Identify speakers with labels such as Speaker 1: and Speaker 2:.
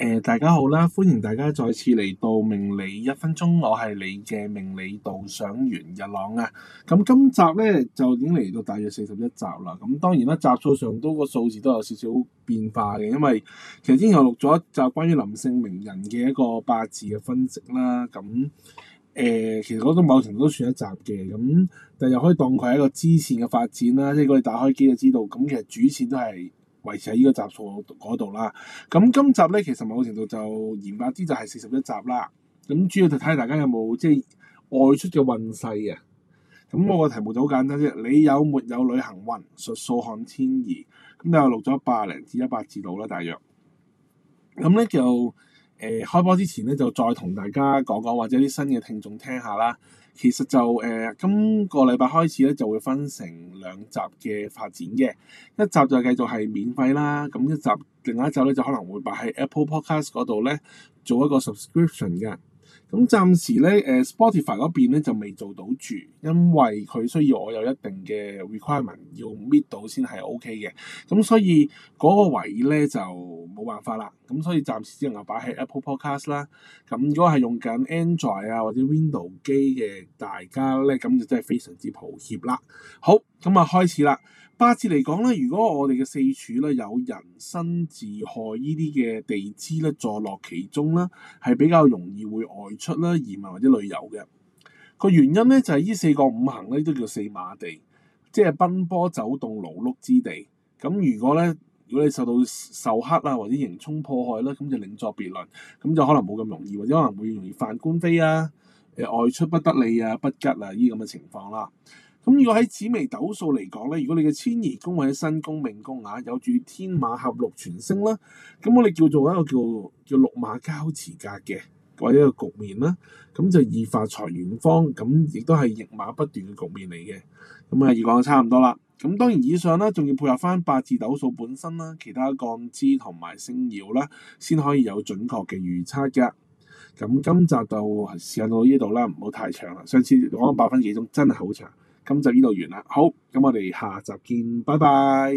Speaker 1: 誒、呃，大家好啦，歡迎大家再次嚟到命理一分鐘，我係你嘅命理導賞員日朗啊。咁、嗯、今集咧就已經嚟到大約四十一集啦。咁、嗯、當然啦，集數上都個數字都有少少變化嘅，因為其實之前又錄咗一集關於林姓名人嘅一個八字嘅分析啦。咁、嗯、誒、呃，其實嗰個某程度都算一集嘅。咁、嗯、但又可以當佢係一個支線嘅發展啦。即係如果你打開機就知道，咁、嗯、其實主線都係。維持喺呢個集數嗰度啦，咁今集咧其實某程度就言白之，就係四十一集啦。咁主要就睇下大家有冇即係外出嘅運勢啊。咁我個題目就好簡單啫，你有沒有旅行運？斗數看遷移。咁又錄咗一百零至一百字度啦，大約。咁咧就。誒、呃、開播之前咧，就再同大家講講，或者啲新嘅聽眾聽下啦。其實就誒、呃，今個禮拜開始咧，就會分成兩集嘅發展嘅。一集就繼續係免費啦，咁一集，另外一集咧就可能會擺喺 Apple Podcast 度咧，做一個 subscription 嘅。咁暫時咧，誒、呃、Spotify 嗰邊咧就未做到住，因為佢需要我有一定嘅 requirement 要 meet 到先係 OK 嘅，咁所以嗰個位咧就冇辦法啦。咁所以暫時只能夠擺喺 Apple Podcast 啦。咁如果係用緊 Android 啊或者 Window 機嘅大家咧，咁就真係非常之抱歉啦。好，咁啊開始啦。八字嚟講咧，如果我哋嘅四柱咧有人身自害依啲嘅地支咧坐落其中啦，係比較容易會外出啦，移民或者旅遊嘅個原因咧，就係、是、呢四個五行咧，都叫四馬地，即係奔波走動勞碌之地。咁如果咧，如果你受到受克啊或者刑衝破害咧，咁就另作別論。咁就可能冇咁容易，或者可能會容易犯官非啊，誒、呃、外出不得利啊，不吉啊呢啲咁嘅情況啦、啊。咁如果喺紫微斗數嚟講咧，如果你嘅遷移宮或者身宮命宮啊，有住天馬合祿存星啦、啊，咁我哋叫做一個叫叫祿馬交馳格嘅。或者一個局面啦，咁就易發財遠方咁，亦都係驛馬不斷嘅局面嚟嘅。咁啊，而家講到差唔多啦。咁當然以上咧，仲要配合翻八字斗數本身啦，其他干支同埋星曜啦，先可以有準確嘅預測嘅。咁今集就時間到呢度啦，唔好太長啦。上次講咗八分幾鐘，真係好長。咁就呢度完啦。好，咁我哋下集見，拜拜。